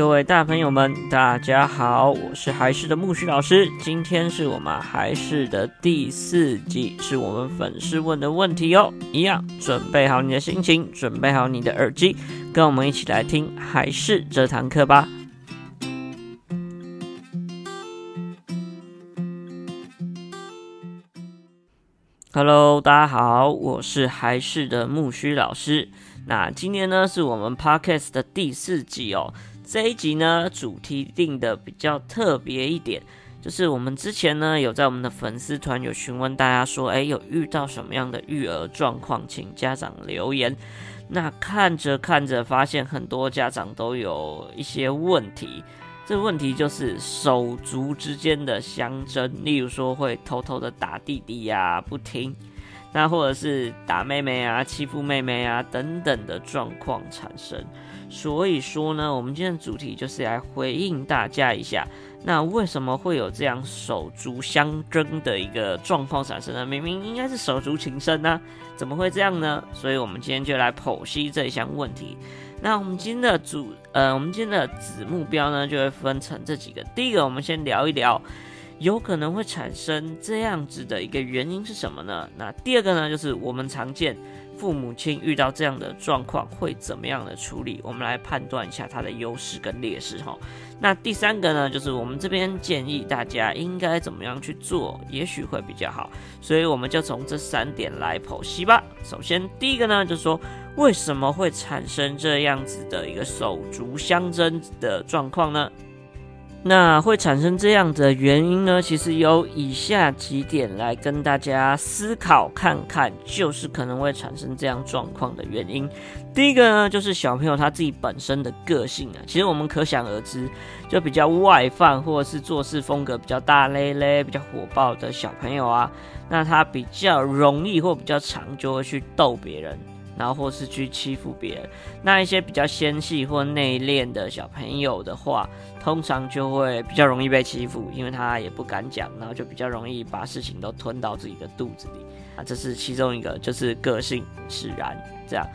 各位大朋友們，大家好，我是海是的木須老師。今天是我們海是的第四集，是我們粉絲問的問題哦。一樣準備好你的心情，準備好你的耳機，跟我們一起來聽海事這堂課吧。Hello，大家好，我是海是的木須老師。那今天呢，是我們 Podcast 的第四集哦。這一集呢，主題定的比較特別一點，就是我們之前呢有在我們的粉絲團有詢問大家說，哎、欸，有遇到什麼樣的育兒狀況，請家長留言。那看着看着，發現很多家長都有一些問題，這問題就是手足之間的相爭，例如說會偷偷的打弟弟呀、啊，不聽；那或者是打妹妹啊，欺負妹妹啊等等的狀況產生。所以說呢，我們今天的主題就是來回應大家一下，那為什麼會有這樣手足相爭的一個狀況產生呢？明明應該是手足情深啊，怎麼會這樣呢？所以我們今天就來剖析這一項問題。那我們今天的主呃，我們今天的子目標呢，就會分成這幾個。第一個，我們先聊一聊，有可能會產生這樣子的一個原因是什麼呢？那第二個呢，就是我們常見。父母親遇到這樣的狀況會怎麼樣的處理？我們來判斷一下他的優勢跟劣勢哈。那第三個呢，就是我們這邊建議大家應該怎麼樣去做，也許會比較好。所以我們就從這三點來剖析吧。首先第一個呢，就是說為什麼會產生這樣子的一個手足相爭的狀況呢？那會產生這樣的原因呢？其實有以下幾點來跟大家思考看看，就是可能會產生這樣狀況的原因。第一個呢，就是小朋友他自己本身的個性啊，其實我們可想而知，就比較外放或者是做事風格比較大咧咧、比較火爆的小朋友啊，那他比較容易或比較常就會去逗別人。然後或是去欺負別人，那一些比較纖細或內斂的小朋友的話，通常就會比較容易被欺負，因為他也不敢講，然後就比較容易把事情都吞到自己的肚子裡，啊，這是其中一個，就是個性使然這樣。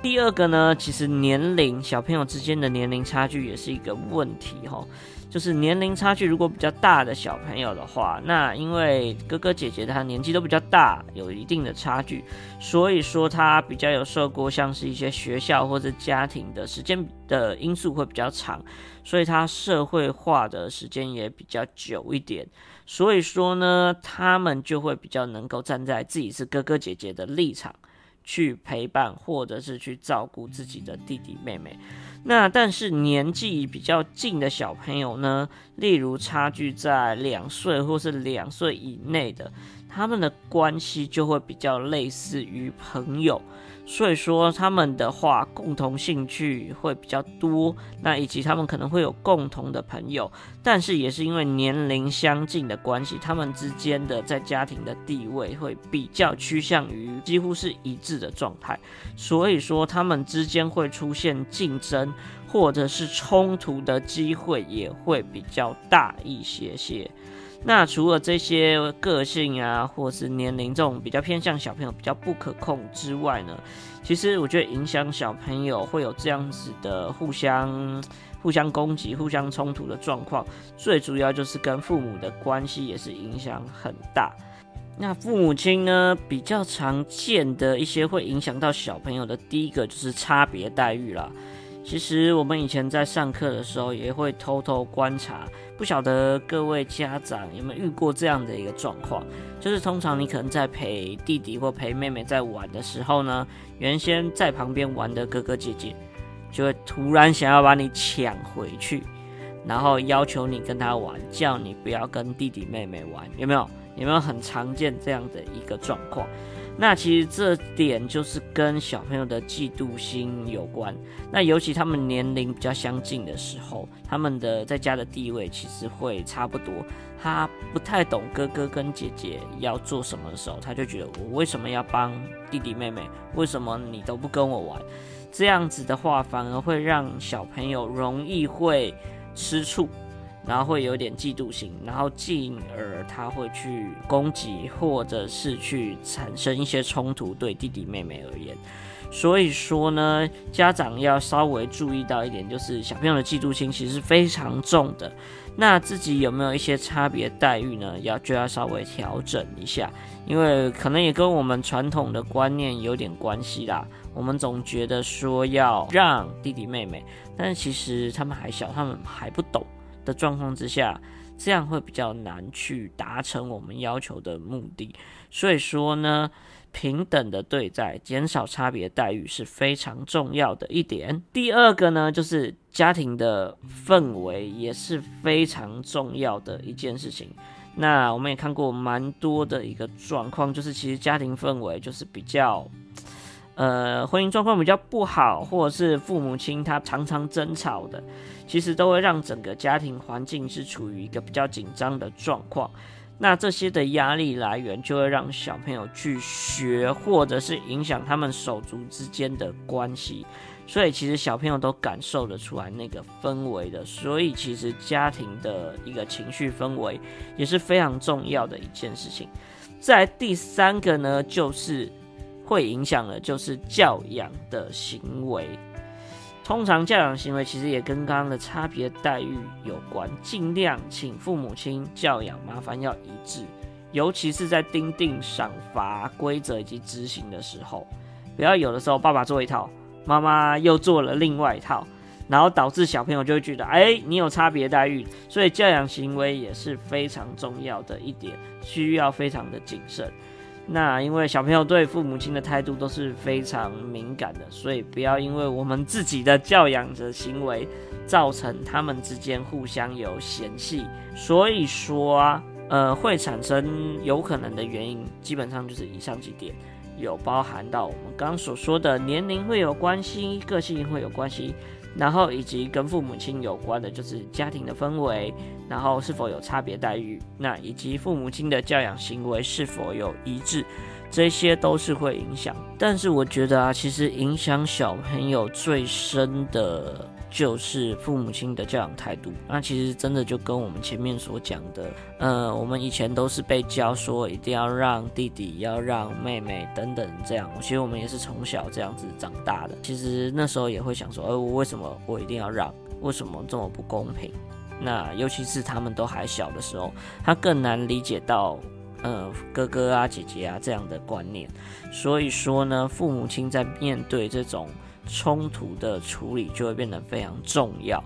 第二個呢，其實年齡，小朋友之間的年齡差距也是一個問題吼、哦！就是年齡差距如果比較大的小朋友的話，那因為哥哥姐姐，他年紀都比較大，有一定的差距，所以說他比較有受過像是一些學校或者家庭的時間的因素會比較長，所以他社會化的時間也比較久一點，所以說呢，他們就會比較能夠站在自己是哥哥姐姐的立場。去陪伴或者是去照顧自己的弟弟妹妹，那但是年紀比較近的小朋友呢，例如差距在兩歲或是兩歲以內的，他們的關係就會比較類似於朋友。所以說，他們的話共同興趣會比較多，那以及他們可能會有共同的朋友，但是也是因為年齡相近的關係，他們之間的在家庭的地位會比較趨向於幾乎是一致的狀態，所以說他們之間會出現競爭或者是衝突的機會也會比較大一些些。那除了這些個性啊，或是年齡這種比較偏向小朋友比較不可控之外呢，其實我覺得影響小朋友會有這樣子的互相、互相攻擊、互相衝突的狀況，最主要就是跟父母的關係也是影響很大。那父母親呢，比較常見的一些會影響到小朋友的第一個就是差別待遇啦。其實我們以前在上課的時候也會偷偷觀察，不曉得各位家長有沒有遇過這樣的一個狀況？就是通常你可能在陪弟弟或陪妹妹在玩的時候呢，原先在旁邊玩的哥哥姐姐，就會突然想要把你搶回去，然後要求你跟他玩，叫你不要跟弟弟妹妹玩，有沒有？有沒有很常見這樣的一個狀況？那其實這點就是跟小朋友的嫉妒心有關。那尤其他們年齡比較相近的時候，他們的在家的地位其實會差不多。他不太懂哥哥跟姐姐要做什麼的時候，他就覺得我為什麼要幫弟弟妹妹？為什麼你都不跟我玩？這樣子的話，反而會讓小朋友容易會吃醋。然後會有點嫉妒心，然後進而他會去攻擊，或者是去產生一些衝突，對弟弟妹妹而言。所以說呢，家長要稍微注意到一點，就是小朋友的嫉妒心其實是非常重的。那自己有沒有一些差別待遇呢？要就要稍微調整一下，因為可能也跟我們傳統的觀念有點關係啦。我們總覺得說要讓弟弟妹妹，但其實他們還小，他們還不懂。的狀況之下，這樣會比較難去達成我們要求的目的。所以說呢，平等的對待，減少差別待遇是非常重要的一點。第二個呢，就是家庭的氛圍也是非常重要的一件事情。那我們也看過蠻多的一個狀況，就是其實家庭氛圍就是比較。呃，婚姻狀況比較不好，或者是父母親他常常爭吵的，其實都會讓整個家庭環境是處於一個比較緊張的狀況。那這些的壓力來源就會讓小朋友去學，或者是影響他們手足之間的關係。所以其實小朋友都感受得出來那個氛圍的。所以其實家庭的一個情緒氛圍也是非常重要的一件事情。再來第三個呢，就是。會影響的，就是教養的行為。通常教養行為其實也跟剛剛的差別待遇有關。盡量請父母親教養，麻煩要一致，尤其是在訂定賞罰規則以及執行的時候，不要有的時候爸爸做一套，媽媽又做了另外一套，然後導致小朋友就會覺得，哎，你有差別待遇。所以教養行為也是非常重要的一點，需要非常的謹慎。那因為小朋友對父母親的態度都是非常敏感的，所以不要因為我們自己的教養的行為造成他們之間互相有嫌隙。所以說，呃，會產生有可能的原因，基本上就是以上幾點，有包含到我們剛剛所說的年齡會有關係，個性會有關係。然後以及跟父母親有關的，就是家庭的氛圍，然後是否有差別待遇，那以及父母親的教養行為是否有一致，這些都是會影響。但是我覺得啊，其實影響小朋友最深的，就是父母親的教養態度，那其實真的就跟我們前面所講的，呃，我們以前都是被教說一定要讓弟弟，要讓妹妹等等這樣。其實我們也是從小這樣子長大的。其實那時候也會想說，哎，我為什麼我一定要讓？為什麼這麼不公平？那尤其是他們都還小的時候，他更難理解到，呃，哥哥啊、姐姐啊這樣的觀念。所以說呢，父母親在面對這種。衝突的處理就會變得非常重要，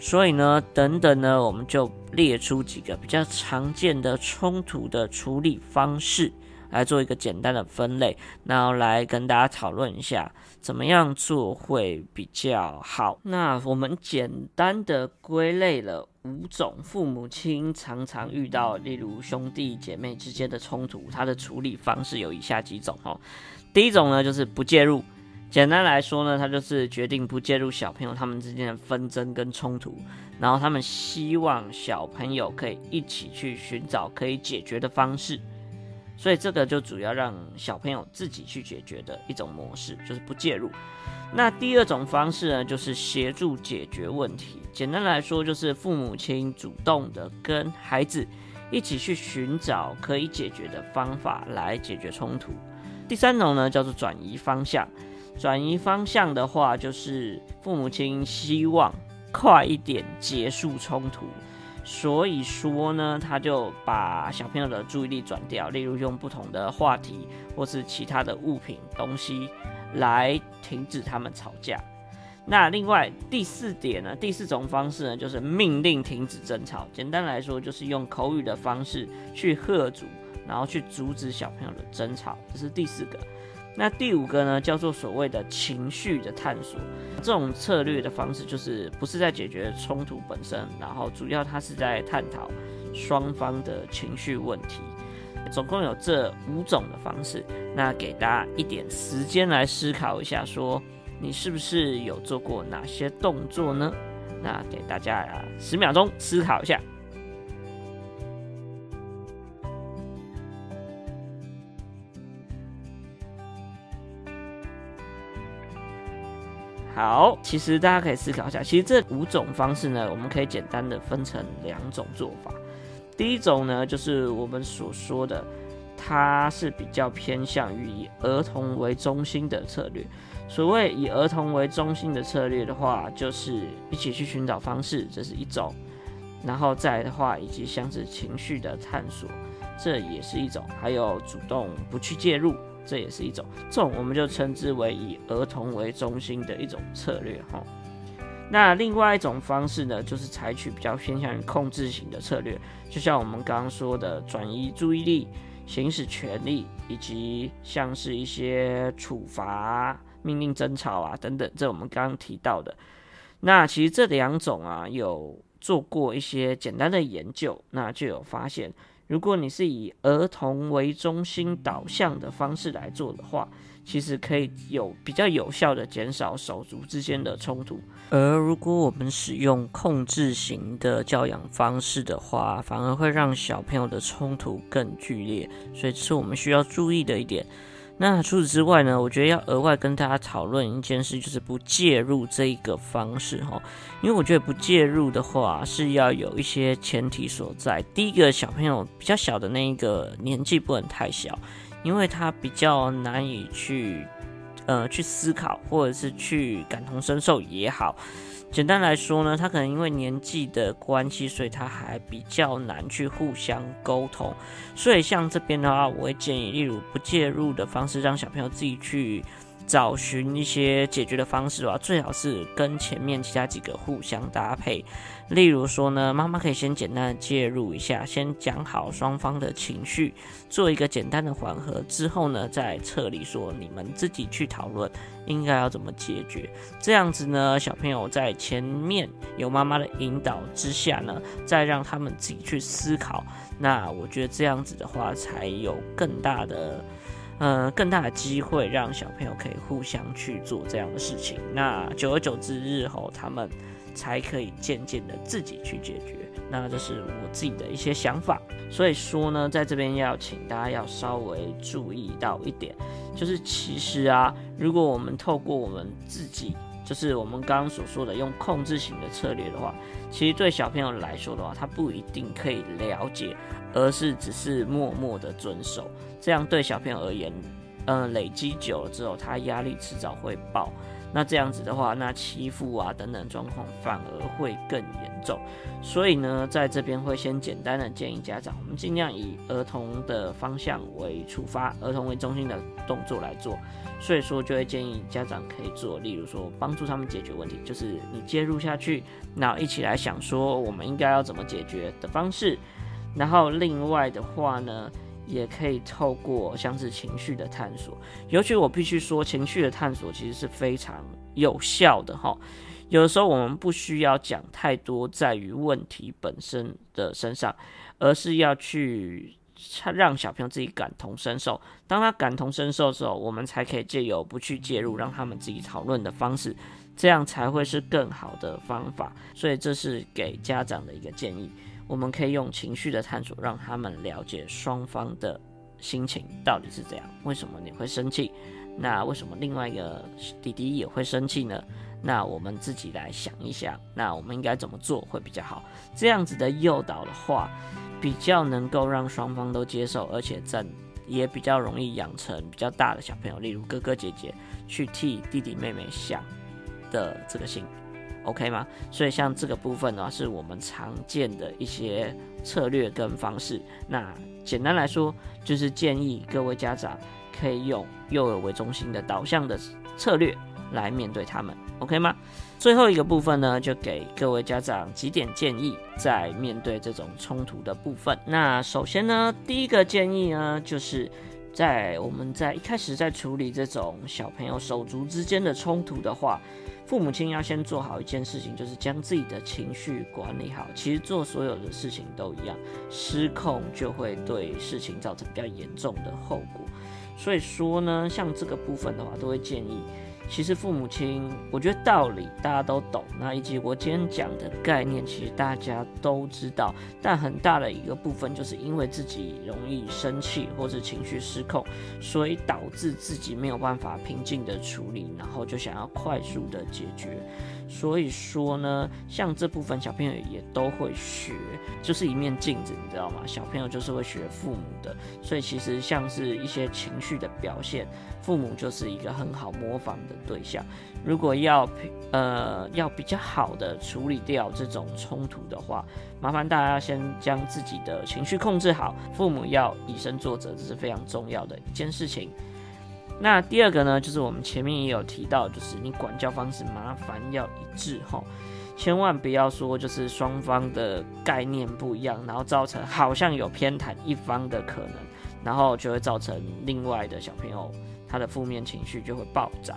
所以呢，等等呢，我們就列出幾個比較常見的衝突的處理方式，來做一個簡單的分類，然後來跟大家討論一下怎麼樣做會比較好。那我們簡單的歸類了五種父母親常常遇到，例如兄弟姐妹之間的衝突，它的處理方式有以下幾種哦，第一種呢，就是不介入。簡單來說呢，他就是決定不介入小朋友他們之間的紛爭跟衝突，然後他們希望小朋友可以一起去尋找可以解決的方式，所以這個就主要讓小朋友自己去解決的一種模式，就是不介入。那第二種方式呢，就是協助解決問題。簡單來說，就是父母親主動的跟孩子一起去尋找可以解決的方法來解決衝突。第三種呢，叫做轉移方向。轉移方向的話，就是父母親希望快一點結束衝突，所以說呢，他就把小朋友的注意力轉掉，例如用不同的話題或是其他的物品東西來停止他們吵架。那另外第四點呢，第四種方式呢，就是命令停止爭吵。簡單來說，就是用口語的方式去喝阻，然後去阻止小朋友的爭吵。這是第四個。那第五個呢，叫做所謂的情緒的探索，這種策略的方式就是不是在解決衝突本身，然後主要它是在探討雙方的情緒問題。總共有這五種的方式，那給大家一點時間來思考一下說，說你是不是有做過哪些動作呢？那給大家啊，十秒鐘思考一下。好，其實大家可以思考一下，其實這五種方式呢，我們可以簡單的分成兩種做法。第一種呢，就是我們所說的，它是比較偏向於以兒童為中心的策略。所謂以兒童為中心的策略的話，就是一起去尋找方式，這是一種；然後再來的話，以及像是情緒的探索，這也是一種；還有主動不去介入。這也是一種，這種我們就稱之為以兒童為中心的一種策略哈。那另外一種方式呢，就是採取比較偏向於控制型的策略，就像我們剛剛說的轉移注意力、行使權力，以及像是一些處罰、命令、爭吵啊等等，這我們剛剛提到的。那其實這兩種啊，有做過一些簡單的研究，那就有發現。如果你是以兒童為中心導向的方式來做的話，其實可以有比較有效的減少手足之間的衝突。而如果我們使用控制型的教養方式的話，反而會讓小朋友的衝突更劇烈。所以這是我們需要注意的一點。那除此之外呢，我覺得要額外跟大家討論一件事，就是不介入這一個方式哈，因為我覺得不介入的話是要有一些前提所在。第一個，小朋友比較小的那一個，年紀不能太小，因為他比較難以去。呃，去思考，或者是去感同身受也好。簡單來說呢，他可能因為年紀的關係，所以他還比較難去互相溝通。所以，像這邊的話，我會建議，例如不介入的方式，讓小朋友自己去。找尋一些解決的方式吧，啊，最好是跟前面其他幾個互相搭配。例如說呢，媽媽可以先簡單的介入一下，先講好雙方的情緒，做一個簡單的緩和，之後呢再撤離，說你們自己去討論應該要怎麼解決。這樣子呢，小朋友在前面有媽媽的引導之下呢，再讓他們自己去思考。那我覺得這樣子的話，才有更大的。呃，更大的機會讓小朋友可以互相去做這樣的事情，那久而久之，日後他們才可以漸漸的自己去解決。那這是我自己的一些想法，所以說呢，在這邊要請大家要稍微注意到一點，就是其實啊，如果我們透過我們自己，就是我們剛剛所說的用控制型的策略的話，其實對小朋友來說的話，他不一定可以了解，而是只是默默的遵守，這樣對小朋友而言，嗯、呃，累積久了之後，他壓力遲早會爆。那這樣子的話，那欺負啊等等狀況反而會更嚴重，所以呢，在這邊會先簡單的建議家長，我們盡量以兒童的方向為出發，兒童為中心的動作來做，所以說就會建議家長可以做，例如說幫助他們解決問題，就是你介入下去，那一起來想說我們應該要怎麼解決的方式，然後另外的話呢，也可以透過像是情緒的探索，尤其我必須說，情緒的探索其實是非常有效的哈。有的時候我們不需要講太多在於問題本身的身上，而是要去讓小朋友自己感同身受。當他感同身受的時候，我們才可以借由不去介入，讓他們自己討論的方式，這樣才會是更好的方法。所以這是給家長的一個建議。我們可以用情緒的探索，讓他們了解雙方的心情到底是怎樣。為什麼你會生氣？那為什麼另外一個弟弟也會生氣呢？那我們自己來想一想，那我們應該怎麼做會比較好？這樣子的誘導的話，比較能夠讓雙方都接受，而且在也比較容易養成比較大的小朋友，例如哥哥姐姐去替弟弟妹妹想的這個心。OK 嗎？所以像這個部分呢、啊，是我們常見的一些策略跟方式。那簡單來說，就是建議各位家長可以用幼兒為中心的導向的策略來面對他們，OK 嗎？最後一個部分呢，就給各位家長幾點建議，在面對這種衝突的部分。那首先呢，第一個建議呢，就是。在我們在一開始在處理這種小朋友手足之間的衝突的話，父母親要先做好一件事情，就是將自己的情緒管理好。其實做所有的事情都一樣，失控就會對事情造成比較嚴重的後果。所以說呢，像這個部分的話，都會建議。其實父母親，我覺得道理大家都懂，那以及我今天講的概念，其實大家都知道。但很大的一個部分，就是因為自己容易生氣或是情緒失控，所以導致自己沒有辦法平靜的處理，然後就想要快速的解決。所以說呢，像這部分小朋友也都會學就是一面鏡子，你知道嗎？小朋友就是會學父母的，所以其實像是一些情緒的表現，父母就是一個很好模仿的對象。如果要呃要比較好的處理掉這種衝突的話，麻煩大家先將自己的情緒控制好，父母要以身作則，這是非常重要的一件事情。那第二個呢，就是我們前面也有提到，就是你管教方式麻煩要一致吼，千萬不要說就是雙方的概念不一樣，然後造成好像有偏袒一方的可能，然後就會造成另外的小朋友他的負面情緒就會暴漲，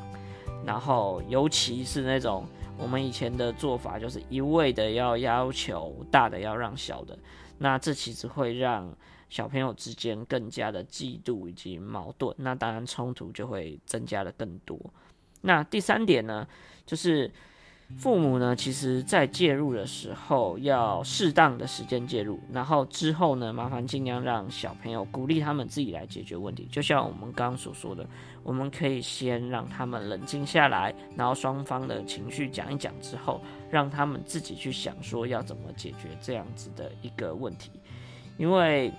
然後尤其是那種我們以前的做法，就是一味的要要求大的要讓小的，那這其實會讓。小朋友之間更加的嫉妒以及矛盾，那當然衝突就會增加的更多。那第三點呢，就是父母呢，其實在介入的時候要適當的時間介入，然後之後呢，麻煩盡量讓小朋友鼓勵他們自己來解決問題。就像我們剛剛所說的，我們可以先讓他們冷靜下來，然後雙方的情緒講一講之後，讓他們自己去想說要怎麼解決這樣子的一個問題。因為，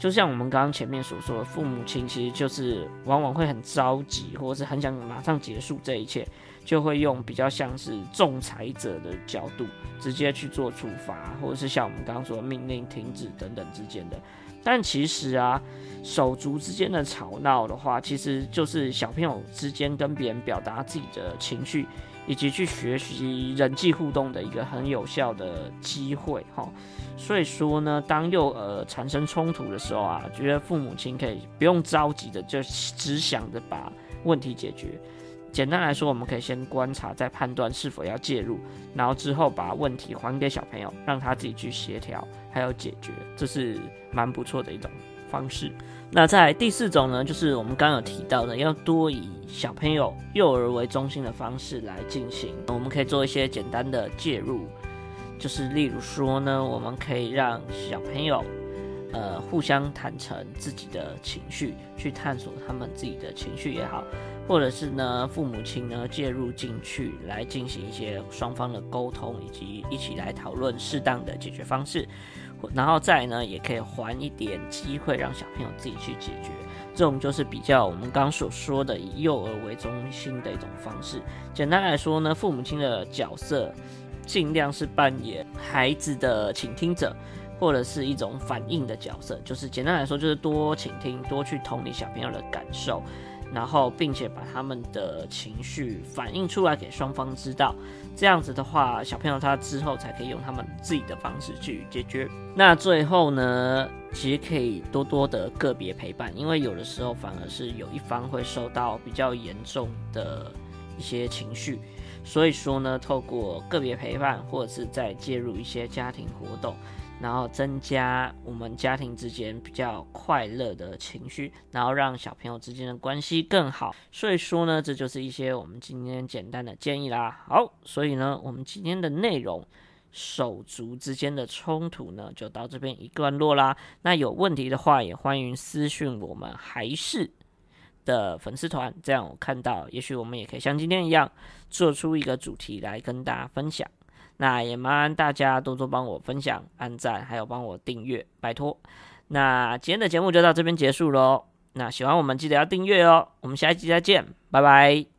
就像我們剛剛前面所說的，父母親其實就是往往會很着急，或者是很想馬上結束這一切。就會用比較像是仲裁者的角度，直接去做處罰，或者是像我們剛剛說的命令停止等等之間的。但其實啊，手足之間的吵鬧的話，其實就是小朋友之間跟別人表達自己的情緒，以及去學習人際互動的一個很有效的機會哈、哦。所以說呢，當幼兒、呃、產生衝突的時候啊，覺得父母親可以不用着急的，就只想着把問題解決。簡單來說，我們可以先觀察，再判斷是否要介入，然後之後把問題還給小朋友，讓他自己去協調，還有解決，這是蠻不錯的一種方式。那在第四種呢，就是我們剛剛有提到的，要多以小朋友、幼兒為中心的方式來進行。我們可以做一些簡單的介入，就是例如說呢，我們可以讓小朋友，呃，互相坦誠自己的情緒，去探索他們自己的情緒也好。或者是呢，父母親呢，介入進去來進行一些雙方的溝通，以及一起來討論適當的解決方式，然後再呢，也可以還一點機會讓小朋友自己去解決。這種就是比較我們剛所說的以幼兒為中心的一種方式。簡單來說呢，父母親的角色盡量是扮演孩子的傾聽者，或者是一種反應的角色。就是簡單來說，就是多傾聽，多去同理小朋友的感受。然後，並且把他們的情緒反映出來給雙方知道，這樣子的話，小朋友他之後才可以用他們自己的方式去解決。那最後呢，其實可以多多的個別陪伴，因為有的時候反而是有一方會受到比較嚴重的一些情緒，所以說呢，透過個別陪伴，或者是再介入一些家庭活動。然後增加我們家庭之間比較快樂的情緒，然後讓小朋友之間的關係更好。所以說呢，這就是一些我們今天簡單的建議啦。好，所以呢，我們今天的內容，手足之間的衝突呢，就到這邊一段落啦。那有問題的話，也歡迎私訊我們還是的粉絲團，這樣我看到，也許我們也可以像今天一樣，做出一個主題來跟大家分享。那也麻煩大家多多幫我分享、按讚，還有幫我訂閱，拜託。那今天的節目就到這邊結束嘍。那喜歡我們記得要訂閱哦。我們下一期再見，拜拜。